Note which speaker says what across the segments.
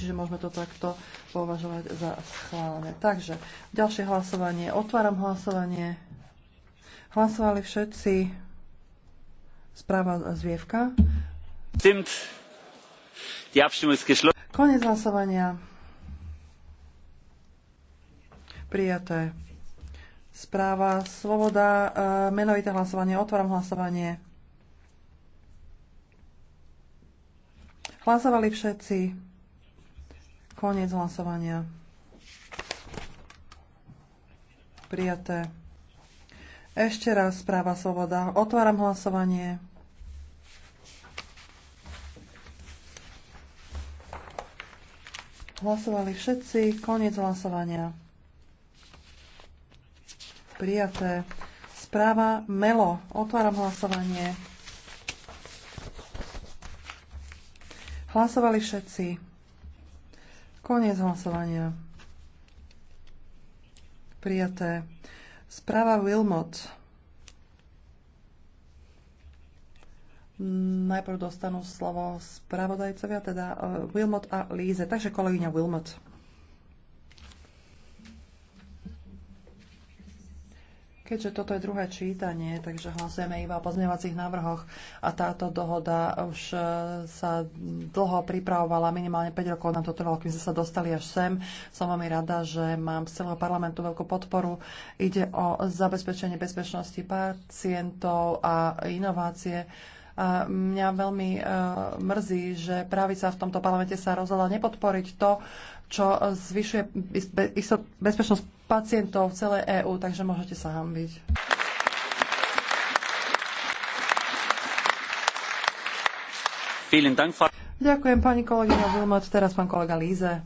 Speaker 1: čiže môžeme to takto považovať za schválené. Takže ďalšie hlasovanie. Otváram hlasovanie. Hlasovali všetci. Správa zvievka. Stimmt. Die Abstimmung ist geschlossen. Konec hlasovania. Prijaté. Správa Svoboda. E, menovité hlasovanie. Otváram hlasovanie. Hlasovali všetci. Koniec hlasovania. Prijaté. Ešte raz správa Svoboda. Otváram hlasovanie. Hlasovali všetci. Koniec hlasovania. Prijaté. Správa Melo. Otváram hlasovanie. Hlasovali všetci. Koniec hlasovania. Prijaté. Správa Wilmot. Najprv dostanú slovo spravodajcovia, teda eh, Wilmot a Líze. Takže kolegyňa Wilmot. Keďže toto je druhé čítanie, takže hlasujeme iba o pozmeňovacích návrhoch a táto dohoda už e, sa dlho pripravovala, minimálne 5 rokov na to trvalo, kým sme sa dostali až sem. Som veľmi rada, že mám z celého parlamentu veľkú podporu. Ide o zabezpečenie bezpečnosti pacientov a inovácie. A mňa veľmi uh, mrzí, že sa v tomto parlamente sa rozhodla nepodporiť to, čo zvyšuje bezpečnosť pacientov v celej EÚ, takže môžete sa hambiť. Ďakujem pani kolegyňa Vilmot, teraz pán kolega Líze.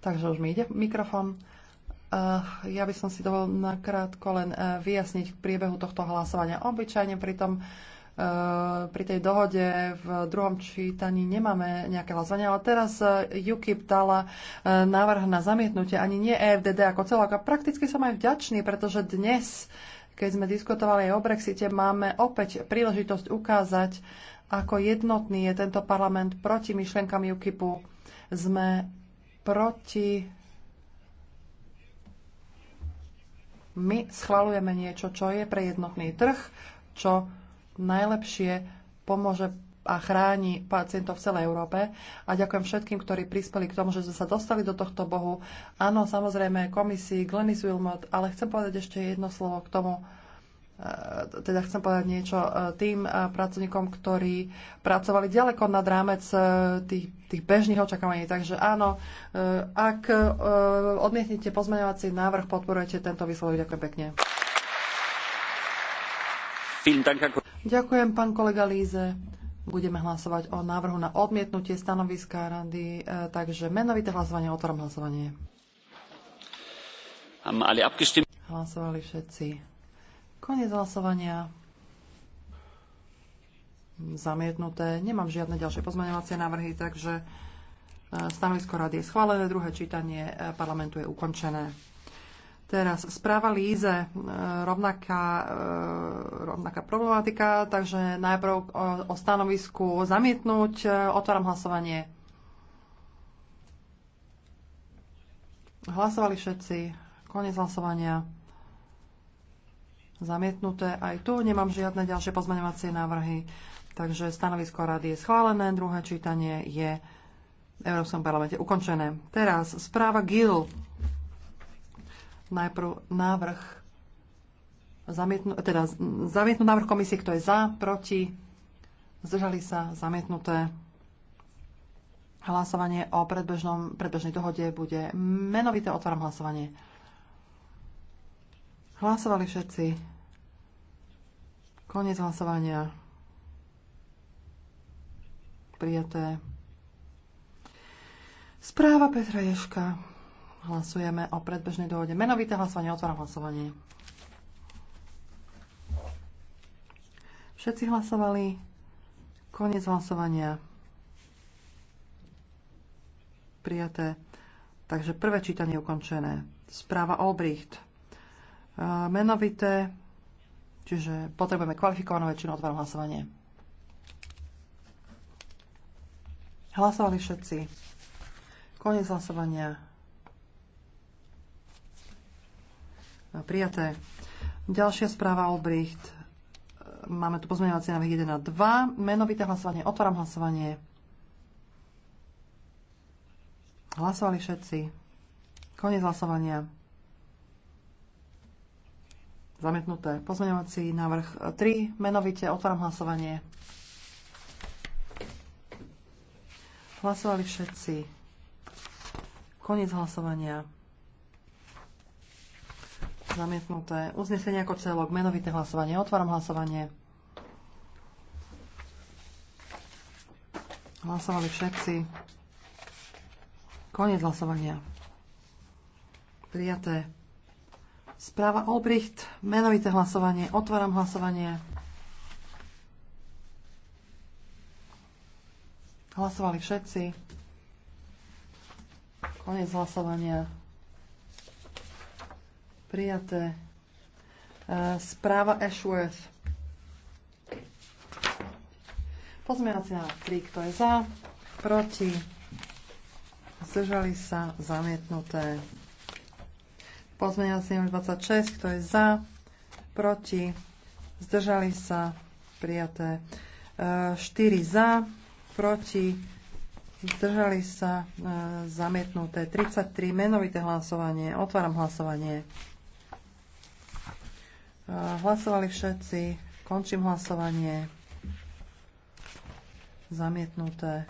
Speaker 1: Takže už mi ide mikrofón. Eh, ja by som si dovolil nakrátko len eh, vyjasniť k priebehu tohto hlasovania. Obyčajne pri, tom, eh, pri tej dohode v druhom čítaní nemáme nejaké hlasovanie, ale teraz UKIP dala návrh na zamietnutie, ani nie EFDD ako celok. A prakticky som aj vďačný, pretože dnes, keď sme diskutovali aj o Brexite, máme opäť príležitosť ukázať, ako jednotný je tento parlament proti myšlenkám UKIPu. Sme proti My schvalujeme niečo, čo je pre jednotný trh, čo najlepšie pomôže a chráni pacientov v celej Európe. A ďakujem všetkým, ktorí prispeli k tomu, že sme sa dostali do tohto bohu. Áno, samozrejme, komisii, Glenis Wilmot, ale chcem povedať ešte jedno slovo k tomu, E, teda chcem povedať niečo e, tým e, pracovníkom, ktorí pracovali ďaleko nad rámec tých, tých bežných očakávaní. Takže áno, ak odmietnete pozmeňovací návrh, podporujete tento výsledok. Ďakujem pekne. Ďakujem, pán kolega Líze. Budeme hlasovať o návrhu na odmietnutie stanoviska rady, takže menovité hlasovanie, otvorom hlasovanie. Hlasovali všetci. Koniec hlasovania. Zamietnuté. Nemám žiadne ďalšie pozmeňovacie návrhy, takže e, stanovisko rady je schválené, druhé čítanie e, parlamentu je ukončené. Teraz správa Líze, e, rovnaká, rovnaká problematika, takže najprv o stanovisku zamietnúť. Otváram hlasovanie. Hlasovali všetci. Konec hlasovania zamietnuté. Aj tu nemám žiadne ďalšie pozmeňovacie návrhy, takže stanovisko rady je schválené, druhé čítanie je v Európskom parlamente ukončené. Teraz správa GIL. Najprv návrh zamietnú, teda zamietnú návrh komisie, kto je za, proti, zdržali sa, zamietnuté. Hlasovanie o predbežnom, predbežnej dohode bude menovité. Otváram hlasovanie. Hlasovali všetci. Koniec hlasovania. Prijaté. Správa Petra Ješka. Hlasujeme o predbežnej dohode. Menovité hlasovanie. Otváram hlasovanie. Všetci hlasovali. Koniec hlasovania. Prijaté. Takže prvé čítanie je ukončené. Správa Olbricht. E, menovité Čiže potrebujeme kvalifikovanú väčšinu, otváram hlasovanie. Hlasovali všetci. Koniec hlasovania. No, prijaté. Ďalšia správa Olbricht. Máme tu pozmeňovací návrh 1 a 2. Menovité hlasovanie. Otváram hlasovanie. Hlasovali všetci. Koniec hlasovania. Zamietnuté. Pozmeňovací návrh 3. Menovite otváram hlasovanie. Hlasovali všetci. Koniec hlasovania. Zamietnuté. Uznesenie ako celok. Menovité hlasovanie. Otváram hlasovanie. Hlasovali všetci. Koniec hlasovania. Prijaté. Správa Olbricht, menovité hlasovanie. Otváram hlasovanie. Hlasovali všetci. Konec hlasovania. Prijaté. E, správa Ashworth. Pozmeňovací návrh 3, kto je za, proti, zdržali sa, zamietnuté. Pozmeňovací 26, kto je za, proti, zdržali sa, prijaté. 4 e, za, proti, zdržali sa, e, zamietnuté. 33, menovité hlasovanie, otváram hlasovanie. E, hlasovali všetci, končím hlasovanie. Zamietnuté.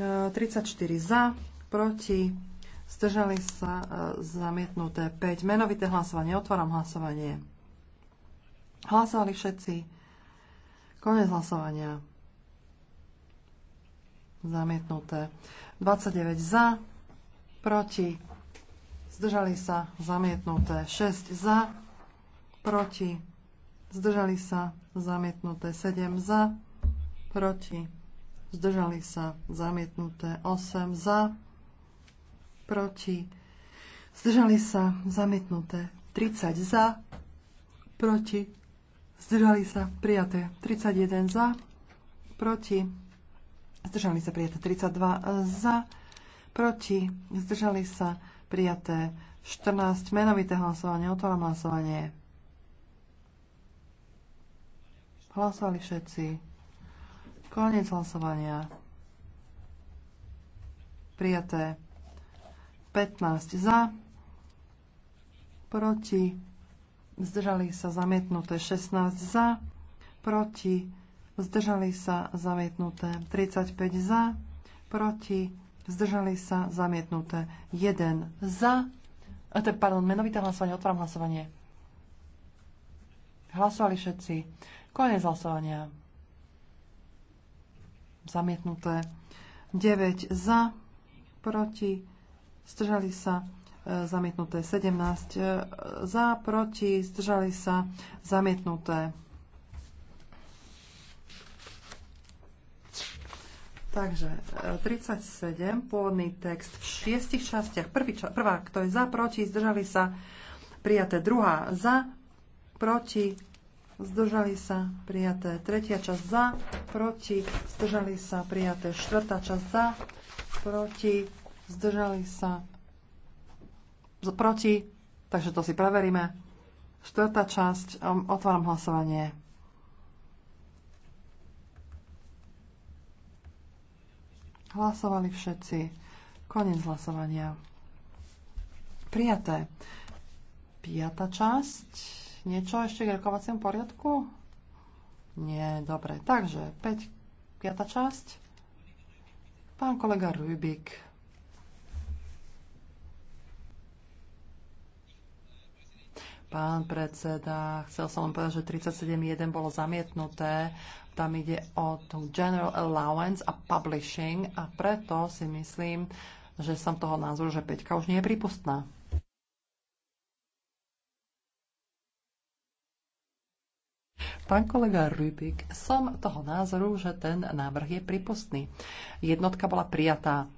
Speaker 1: 34 za, proti, Zdržali sa e, zamietnuté 5. Menovité hlasovanie. Otváram hlasovanie. Hlasovali všetci. Konec hlasovania. Zamietnuté. 29 za, proti, zdržali sa, zamietnuté. 6 za, proti, zdržali sa, zamietnuté. 7 za, proti, zdržali sa, zamietnuté. 8 za, proti, zdržali sa, zamietnuté. 30 za, proti, zdržali sa, prijaté. 31 za, proti, zdržali sa, prijaté. 32 e, za, proti, zdržali sa, prijaté. 14 menovité hlasovanie, otváram hlasovanie. Hlasovali všetci. Koniec hlasovania. Prijaté. 15 za, proti, zdržali sa zamietnuté 16 za, proti, zdržali sa zamietnuté 35 za, proti, zdržali sa zamietnuté 1 za, a to je, pardon, menovité hlasovanie, otváram hlasovanie. Hlasovali všetci. koniec hlasovania. Zamietnuté. 9 za, proti, zdržali sa e, zamietnuté 17 e, za, proti, zdržali sa zamietnuté. Takže 37, e, pôvodný text v šiestich častiach. Prvý, ča, prvá, kto je za, proti, zdržali sa, prijaté. Druhá, za, proti, zdržali sa, prijaté. Tretia časť za, proti, zdržali sa, prijaté. Štvrtá časť za, proti, zdržali sa, proti, takže to si preveríme. Štvrtá časť, ehm, otváram hlasovanie. Hlasovali všetci. Koniec hlasovania. Prijaté. Piatá časť. Niečo ešte k rokovaciemu poriadku? Nie, dobre. Takže, 5, piatá časť. Pán kolega Rubik. Pán predseda, chcel som vám povedať, že 37.1 bolo zamietnuté. Tam ide o tú General Allowance a Publishing a preto si myslím, že som toho názoru, že Peťka už nie je prípustná. Pán kolega Rubik, som toho názoru, že ten návrh je prípustný. Jednotka bola prijatá.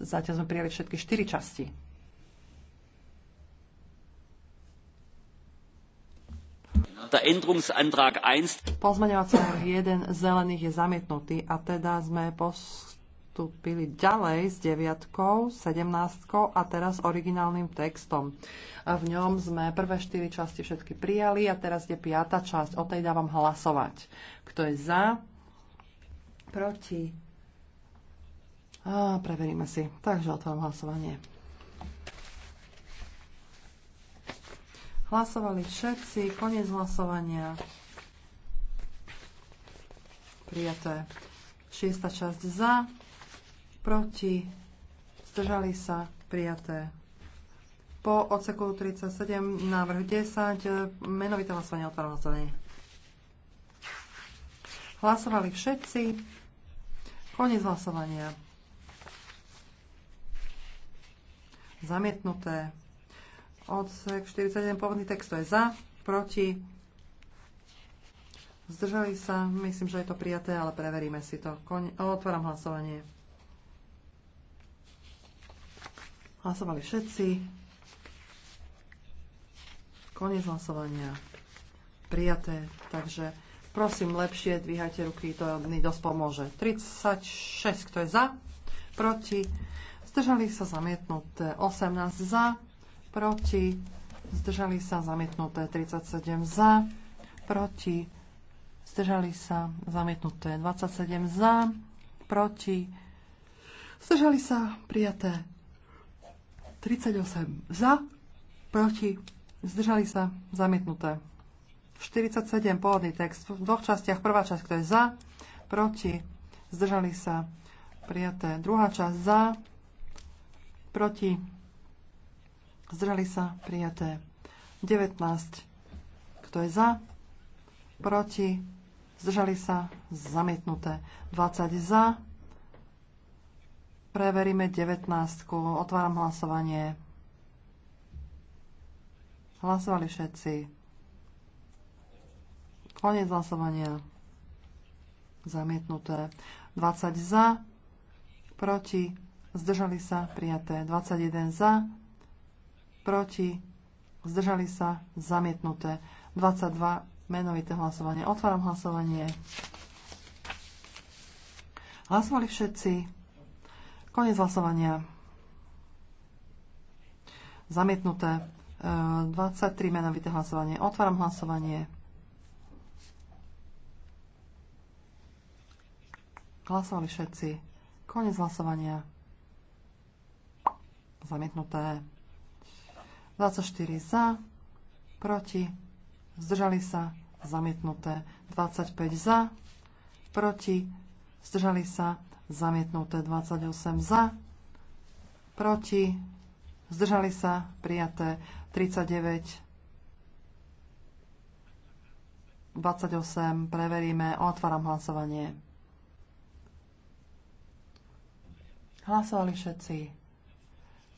Speaker 1: Zatiaľ sme prijali všetky štyri časti der Änderungsantrag 1... Pozmeňovací návrh 1 zelených je zamietnutý a teda sme postupili ďalej s deviatkou, 17 a teraz originálnym textom. A v ňom sme prvé štyri časti všetky prijali a teraz je piata časť. O tej dávam hlasovať. Kto je za? Proti? A preveríme si. Takže otvorím hlasovanie. Hlasovali všetci. Koniec hlasovania. Prijaté. Šiesta časť za. Proti. Zdržali sa. Prijaté. Po odseku 37, návrh 10, eh, menovité hlasovanie otváram hlasovanie. Hlasovali všetci. Koniec hlasovania. Zamietnuté. Odsek 41 pôvodný text je za, proti. Zdržali sa. Myslím, že je to prijaté, ale preveríme si to. Otváram hlasovanie. Hlasovali všetci. Koniec hlasovania. Prijaté. Takže prosím lepšie dvíhajte ruky, to mi dosť pomôže. 36, kto je za? Proti? Zdržali sa zamietnuté. 18 za, proti, zdržali sa zamietnuté 37 za, proti, zdržali sa zamietnuté 27 za, proti, zdržali sa prijaté 38 za, proti, zdržali sa zamietnuté 47 pôvodný text v dvoch častiach. Prvá časť, kto je za, proti, zdržali sa prijaté. Druhá časť za, proti, Zdreli sa prijaté. 19. Kto je za? Proti? Zdržali sa? Zamietnuté. 20 za. Preveríme 19. Otváram hlasovanie. Hlasovali všetci. Koniec hlasovania. Zamietnuté. 20 za. Proti? Zdržali sa? Prijaté. 21 za proti, zdržali sa, zamietnuté. 22, menovité hlasovanie. Otváram hlasovanie. Hlasovali všetci. Konec hlasovania. Zamietnuté. 23 e, menovité hlasovanie. Otváram hlasovanie. Hlasovali všetci. Konec hlasovania. Zamietnuté. 24 za, proti, zdržali sa, zamietnuté. 25 za, proti, zdržali sa, zamietnuté. 28 za, proti, zdržali sa, prijaté. 39, 28, preveríme, otváram hlasovanie. Hlasovali všetci.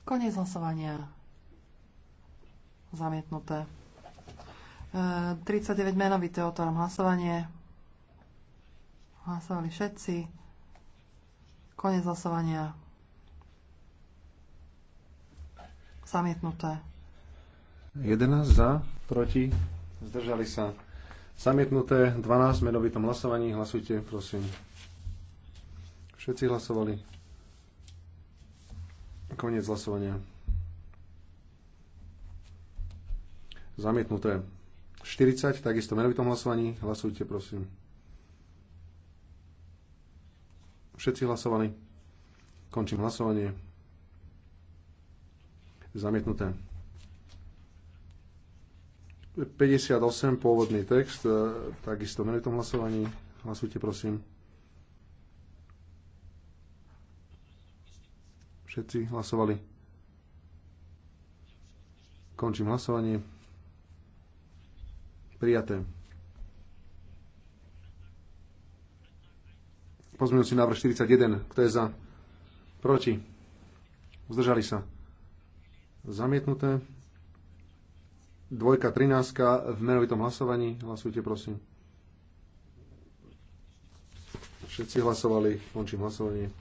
Speaker 1: Koniec hlasovania. Zamietnuté. 39 e, menovité, otváram hlasovanie. Hlasovali všetci. Konec hlasovania. Zamietnuté.
Speaker 2: 11 za, proti, zdržali sa. Zamietnuté 12 menovitom hlasovaní. Hlasujte, prosím. Všetci hlasovali. Koniec hlasovania. Zamietnuté. 40, takisto menovitom hlasovaní. Hlasujte, prosím. Všetci hlasovaní. Končím hlasovanie. Zamietnuté. 58, pôvodný text, takisto menovitom hlasovaní. Hlasujte, prosím. Všetci hlasovali. Končím hlasovanie. Prijaté. si návrh 41. Kto je za? Proti. Zdržali sa. Zamietnuté. Dvojka 13 v menovitom hlasovaní. Hlasujte, prosím. Všetci hlasovali. Končím hlasovanie.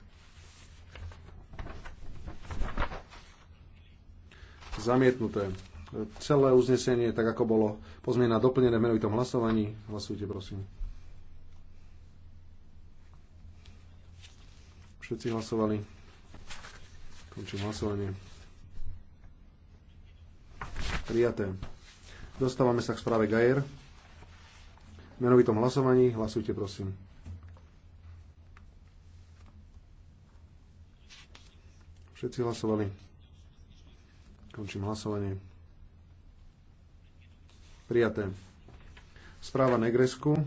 Speaker 2: Zamietnuté celé uznesenie, tak ako bolo pozmienené doplnené v menovitom hlasovaní. Hlasujte, prosím. Všetci hlasovali. Končím hlasovanie. Prijaté. Dostávame sa k správe Gajer. V menovitom hlasovaní hlasujte, prosím. Všetci hlasovali. Končím hlasovanie. Prijaté. Správa Negresku.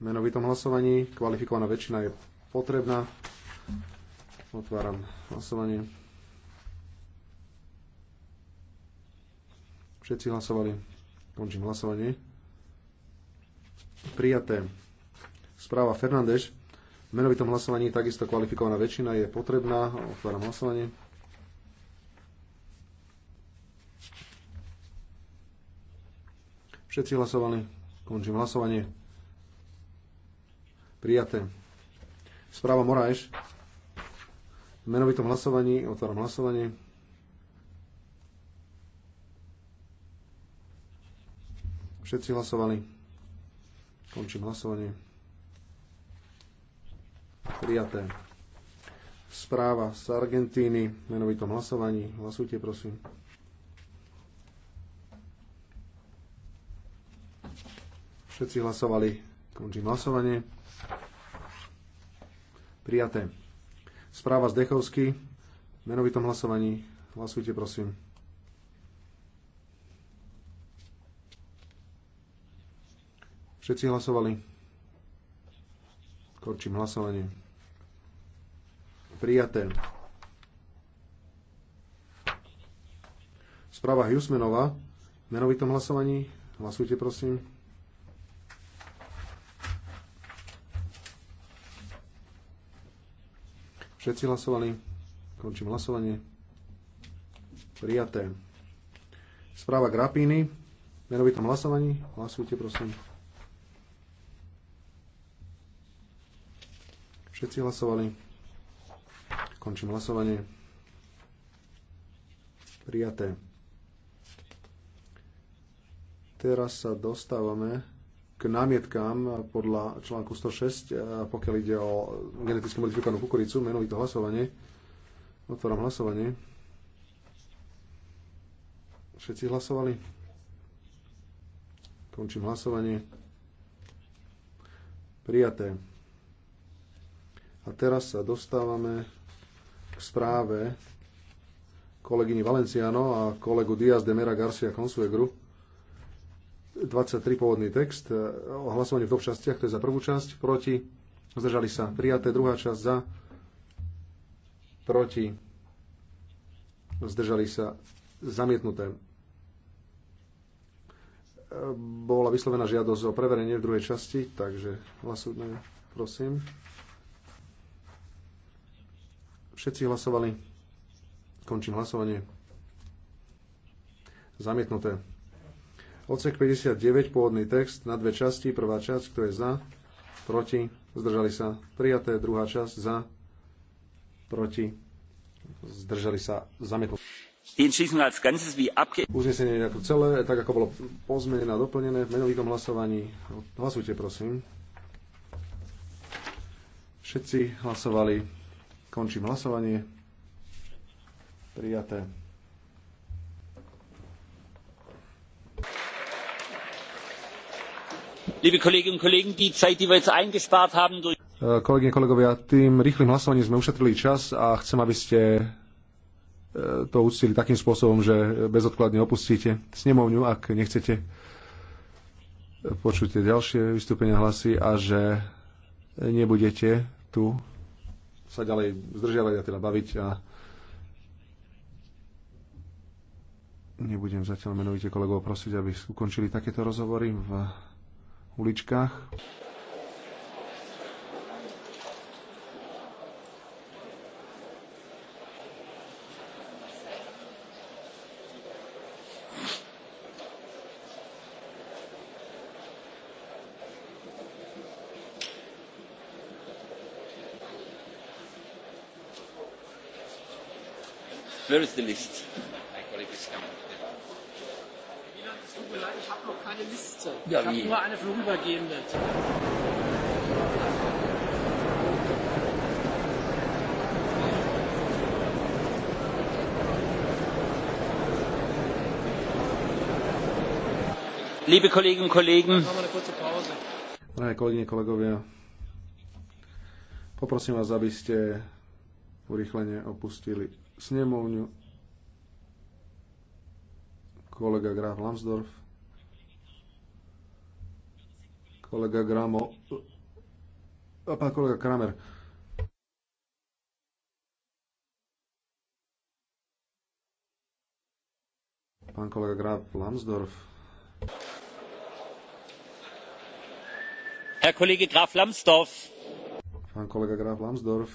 Speaker 2: Menovitom hlasovaní. Kvalifikovaná väčšina je potrebná. Otváram hlasovanie. Všetci hlasovali. Končím hlasovanie. Prijaté. Správa Fernández. V menovitom hlasovaní takisto kvalifikovaná väčšina je potrebná. Otváram hlasovanie. Všetci hlasovali. Končím hlasovanie. Prijaté. Správa Moraeš. V menovitom hlasovaní otváram hlasovanie. Všetci hlasovali. Končím hlasovanie. Prijaté. Správa z Argentíny v menovitom hlasovaní. Hlasujte, prosím. Všetci hlasovali. Končím hlasovanie. Prijaté. Správa z Dechovsky. Menovitom hlasovaní. Hlasujte, prosím. Všetci hlasovali. Končím hlasovanie. Prijaté. Správa V Menovitom hlasovaní. Hlasujte, prosím. Všetci hlasovali. Končím hlasovanie. Prijaté. Správa Grapíny. Menovitom hlasovaní. Hlasujte, prosím. Všetci hlasovali. Končím hlasovanie. Prijaté. Teraz sa dostávame k námietkám podľa článku 106, pokiaľ ide o geneticky modifikovanú kukuricu, menovito hlasovanie. Otváram hlasovanie. Všetci hlasovali? Končím hlasovanie. Prijaté. A teraz sa dostávame k správe kolegyni Valenciano a kolegu Diaz de Mera Garcia Consuegru 23 pôvodný text e, o hlasovaní v dvoch častiach, to je za prvú časť, proti, zdržali sa prijaté, druhá časť za, proti, zdržali sa zamietnuté. E, bola vyslovená žiadosť o preverenie v druhej časti, takže hlasujme, prosím. Všetci hlasovali. Končím hlasovanie. Zamietnuté. Odsek 59, pôvodný text na dve časti. Prvá časť, kto je za, proti, zdržali sa, prijaté. Druhá časť, za, proti, zdržali sa, zamietnuté. Uznesenie ako celé, tak ako bolo pozmenené a doplnené v menovitom hlasovaní. Hlasujte, prosím. Všetci hlasovali. Končím hlasovanie. Prijaté. Äh, kolegyne, kolegovia, tým rýchlym hlasovaním sme ušetrili čas a chcem, aby ste e, to uctili takým spôsobom, že bezodkladne opustíte snemovňu, ak nechcete počuť tie ďalšie vystúpenia hlasy a že nebudete tu sa ďalej zdržiavať a teda baviť a nebudem zatiaľ menovite kolegov prosiť, aby ukončili takéto rozhovory v uličkách.
Speaker 1: where is the list?
Speaker 2: eine Liste. Ja, ich habe nur eine vorübergehende. Liebe
Speaker 1: Kolleginnen und Kollegen,
Speaker 2: Drahé kolegyne, kolegovia, poprosím vás, aby ste urychlene opustili snemovňu kolega Graf Lambsdorff kolega Gramo, a pán kolega Kramer. Pán kolega Graf Lambsdorff.
Speaker 1: Herr Kollege Graf Lambsdorff.
Speaker 2: Pán kolega Graf Lambsdorff.